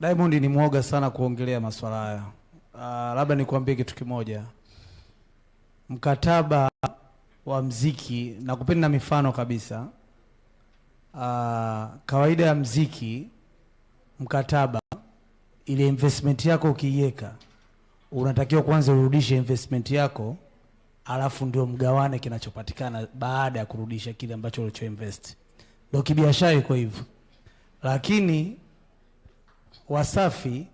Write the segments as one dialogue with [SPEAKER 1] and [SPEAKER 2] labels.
[SPEAKER 1] Diamond ni mwoga sana kuongelea masuala haya. Uh, labda nikuambie kitu kimoja, mkataba wa mziki na kupenda mifano kabisa. Uh, kawaida ya mziki mkataba, ile investment yako ukiiweka, unatakiwa kwanza urudishe investment yako, alafu ndio mgawane kinachopatikana baada ya kurudisha kile ambacho ulichoinvest. Ndio kibiashara iko hivyo, lakini Wasafi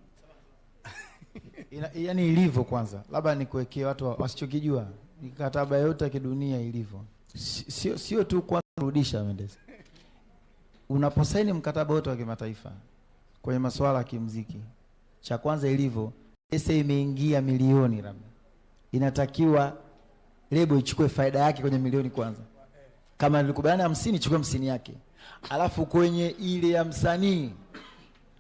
[SPEAKER 1] ila, yani ilivyo kwanza, labda nikuwekee watu wasichokijua mikataba yote ya kidunia ilivyo, sio sio tu kwanza kurudisha Mendezi, unaposaini mkataba wote wa kimataifa kwenye masuala ya kimuziki, cha kwanza ilivyo, pesa imeingia milioni labda, inatakiwa lebo ichukue faida yake kwenye milioni kwanza. Kama nilikubaliana hamsini, ichukue hamsini yake, alafu kwenye ile ya msanii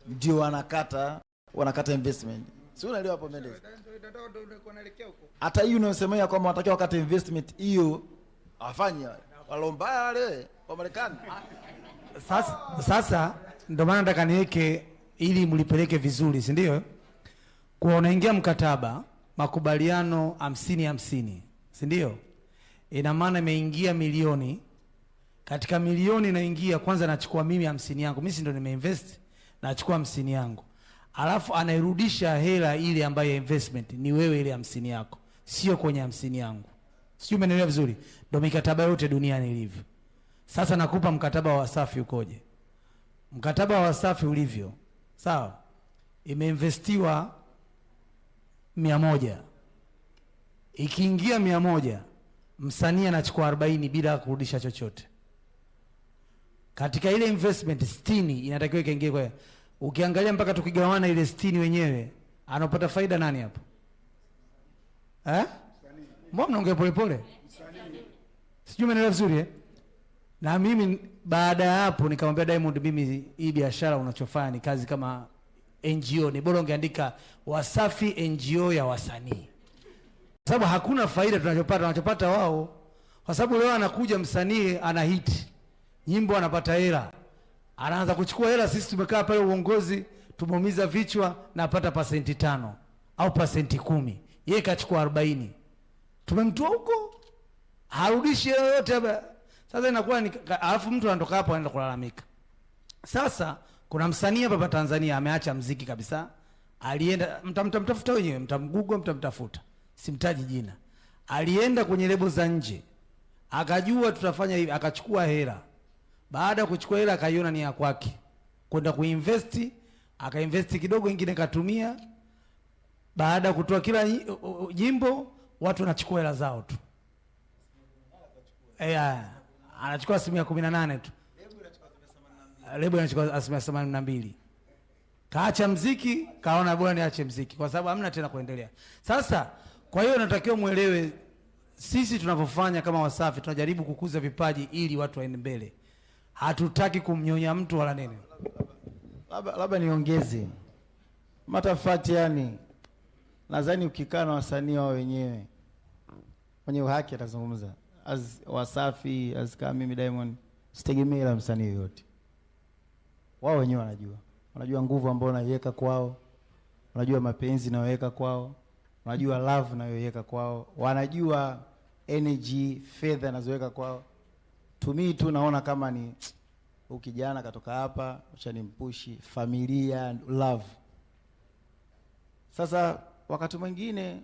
[SPEAKER 1] ndio wanakata wanakata investment, si unaelewa hapo Mendes? Hata hiyo unayosemea kwamba wanatakiwa wakate investment hiyo, afanye walombaya wale wa Marekani. Sasa, sasa ndio maana nataka niweke ili mlipeleke vizuri, si ndio? Kwa unaingia mkataba makubaliano hamsini hamsini, si ndio? Ina maana imeingia milioni katika milioni inaingia, kwanza nachukua mimi hamsini yangu, mimi si ndo nimeinvest nachukua hamsini yangu, alafu anairudisha hela ile ambayo ya investment ni wewe, ile hamsini yako, sio kwenye hamsini yangu. Sijui umenielewa vizuri? Ndio mikataba yote duniani ilivyo. Sasa nakupa mkataba wa Wasafi ukoje? Mkataba wa Wasafi ulivyo, sawa, imeinvestiwa mia moja ikiingia mia moja msanii anachukua arobaini bila kurudisha chochote katika ile investment sitini inatakiwa ikaingie kwa. Ukiangalia mpaka tukigawana ile sitini wenyewe anapata faida nani hapo eh? Mbona mnaongea polepole? Sijui umeelewa vizuri eh? Na mimi baada ya hapo nikamwambia Diamond, mimi hii biashara unachofanya ni kazi kama NGO, ni bora ungeandika Wasafi NGO ya wasanii, kwa sababu hakuna faida tunachopata, wanachopata wao, kwa sababu leo anakuja msanii ana hiti nyimbo anapata hela, anaanza kuchukua hela. Sisi tumekaa pale uongozi tumeumiza vichwa, na apata pasenti tano au pasenti kumi, yeye kachukua arobaini. Tumemtoa huko, harudishi hela yote. Sasa inakuwa ni alafu mtu anatoka hapo anaenda kulalamika. Sasa kuna msanii hapa hapa Tanzania ameacha mziki kabisa, alienda mtamtafuta mta, wenyewe mtamgugo mtamtafuta, simtaji jina. Alienda kwenye lebo za nje, akajua tutafanya hivi, akachukua hela baada ya kuchukua hela akaiona ni ya kwake kwenda kuinvest akainvest kidogo, ingine katumia. Baada ya kutoa kila jimbo, watu wanachukua hela zao tu, yeah. Anachukua asilimia kumi na nane tu, lebo inachukua asilimia themanini na mbili. Kaacha mziki, kaona bora niache mziki kwa sababu hamna tena kuendelea. Sasa kwa hiyo natakiwa mwelewe, sisi tunavyofanya kama Wasafi tunajaribu kukuza vipaji ili watu waende mbele hatutaki kumnyonya mtu wala nini. Labda niongeze matafati, yani nadhani ukikaa na wasanii wao wenyewe mwenye uhaki atazungumza az Wasafi kama mimi Diamond sitegemea ila msanii yoyote, wao wenyewe wanajua, wanajua nguvu ambayo naiweka kwao, wanajua mapenzi nayoweka kwao, wanajua love nayoiweka kwao, wanajua energy fedha nazoweka kwao to me tu, naona kama ni huyu kijana katoka hapa, acha nimpushi familia and love. Sasa wakati mwingine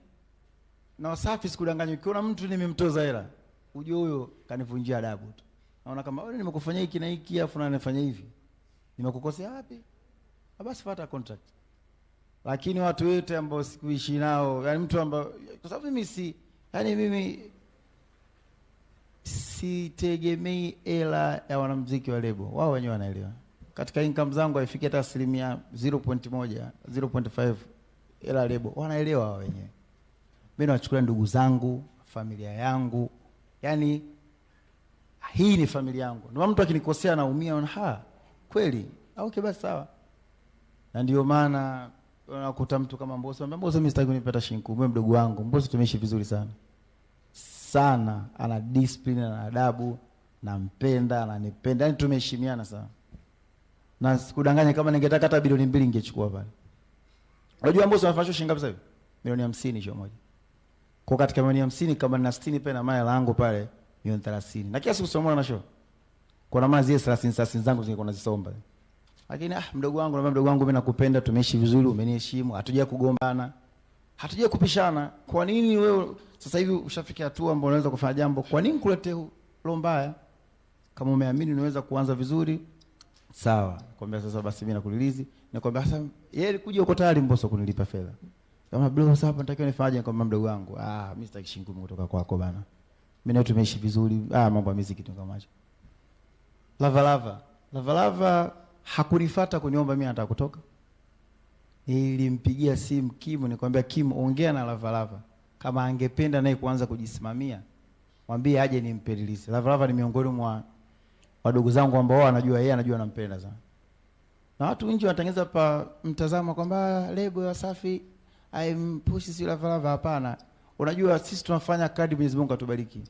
[SPEAKER 1] na Wasafi sikudanganywa, ukiona mtu nimemtoza hela ujue huyo kanivunjia adabu tu, naona kama wewe nimekufanyia hiki na hiki, afu na nifanyia hivi, nimekukosea wapi? Basi fuata contract. Lakini watu wote ambao sikuishi nao, yani mtu ambao, kwa sababu mimi si, yani mimi sitegemei hela ya wanamuziki wa lebo, wao wenyewe wanaelewa. Katika income zangu haifiki hata asilimia 0.1 0.5 hela lebo, wanaelewa wao wenyewe. Mimi nawachukulia ndugu zangu, familia yangu, yani hii ni familia yangu. Ndio mtu akinikosea naumia, ona ha kweli au ah, okay, basi sawa. Na ndio maana unakuta mtu kama Mbosso, Mbosso mimi sitaki kunipata shinku, mimi mdogo wangu Mbosso, tumeishi vizuri sana sana, ana discipline, ana adabu, nampenda, ananipenda, yaani tumeheshimiana sana, na sikudanganya, kama ningetaka hata bilioni mbili ningechukua pale. Unajua mbosi anafashwa shilingi ngapi sasa hivi? Milioni hamsini hiyo moja. Kwa katika milioni hamsini kama na 60 pale na mali langu pale milioni 30. Na kila siku somo na show. Kwa maana zile 30 30 zangu zingekuwa nazisomba. Lakini ah, mdogo wangu na mdogo wangu mimi nakupenda, tumeishi vizuri, umeniheshimu, hatuja kugombana hatuja kupishana. Kwa nini wewe sasa hivi ushafikia hatua ambapo unaweza kufanya jambo, kwa nini kulete lo mbaya? Kama umeamini unaweza kuanza vizuri, sawa. Kwambia sasa basi, mimi nakulilizi, nikwambia sasa, yeye alikuja uko tayari Mboso kunilipa fedha kama bro, sasa hapa nitakiwa nifanye Kwa mama mdogo wangu, ah, mimi sitaki shilingi kutoka kwako bana, mimi na tumeishi vizuri, ah, mambo ya miziki tu kama hicho. Lava lava lava lava hakunifuata kuniomba mimi nataka kutoka Nilimpigia simu Kimu, nikamwambia Kimu, ongea na Lavalava kama angependa naye kuanza kujisimamia, mwambie aje nimpeleleze. Lavalava ni miongoni mwa wadogo zangu ambao wao anajua yeye anajua nampenda sana, na watu nje wanatengeneza pa mtazamo kwamba ah, lebo ya Wasafi aimpushi si Lavalava. Hapana, unajua sisi tunafanya kadi Mwenyezi Mungu atubariki,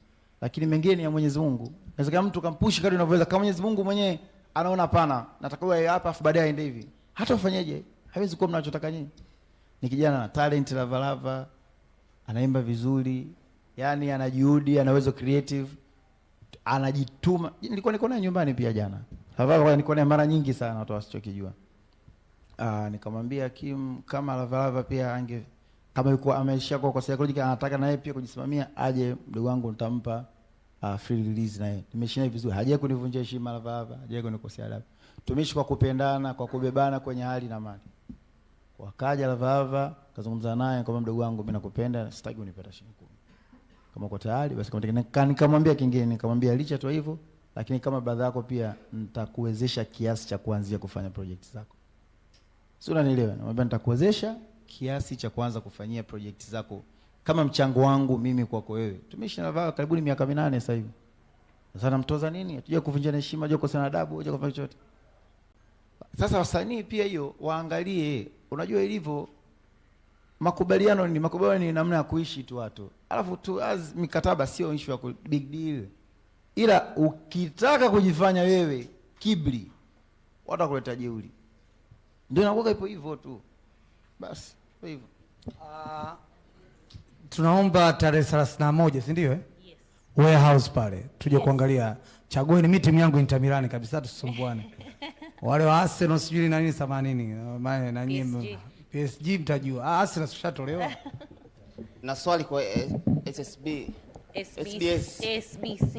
[SPEAKER 1] lakini mengine ni ya Mwenyezi Mungu. Inawezekana mtu kampushi kadi unavyoweza, kama Mwenyezi Mungu mwenyewe anaona hapana, natakiwa hapa afu baadaye aende hivi, hata ufanyeje hawezi kuwa mnachotaka nyinyi. Ni kijana na talent Lavalava, anaimba vizuri, yani ana juhudi, ana uwezo creative, anajituma. Nilikuwa niko naye nyumbani pia jana, Lavalava niko naye mara nyingi sana, watu wasichokijua. Ah, nikamwambia Kim, kama Lavalava pia ange kama yuko ameisha kwa kwa psychological, anataka naye pia kujisimamia, aje mdogo wangu, nitampa uh, free release naye. Nimeshinda vizuri, hajaje kunivunja heshima Lavalava, hajaje kunikosea adabu. Tumeishi kwa kupendana, kwa kubebana kwenye hali na mali. Wakaja Lavava, kazungumza naye kwamba mdogo wangu, mimi nakupenda, sitaki unipata shilingi kumi. Kama uko tayari basi, kama nikamwambia kingine, nikamwambia licha tu hivyo, lakini kama brother yako pia nitakuwezesha kiasi cha kuanzia kufanya project zako. Sio, unanielewa? Namwambia nitakuwezesha kiasi cha kuanza kufanyia project zako kama mchango wangu mimi kwako wewe. Tumeishi Lavava karibuni miaka minane sasa hivi. Sasa namtoza nini? atuje kuvunjana heshima, tujue kukosana adabu, tujue kufanya chochote. Sasa wasanii pia hiyo waangalie, unajua ilivyo makubaliano ni makubaliano, ni namna ya kuishi tu watu, alafu tu as mikataba sio issue ya big deal, ila ukitaka kujifanya wewe kibri, watu wakuleta jeuri, ndio inakuwa ipo hivyo tu basi, hivyo uh, tunaomba tarehe 31 si ndio eh? Yes. Warehouse pale tuje yes, kuangalia. Chagueni, mimi timu yangu Inter Milan kabisa, tusumbuane. wale wa Arsenal sijui na nini themanini na nyinyi PSG mtajua. Ah, Arsenal sishatolewa
[SPEAKER 2] na swali kwa eh, SSB.
[SPEAKER 3] SBS.
[SPEAKER 4] SBC.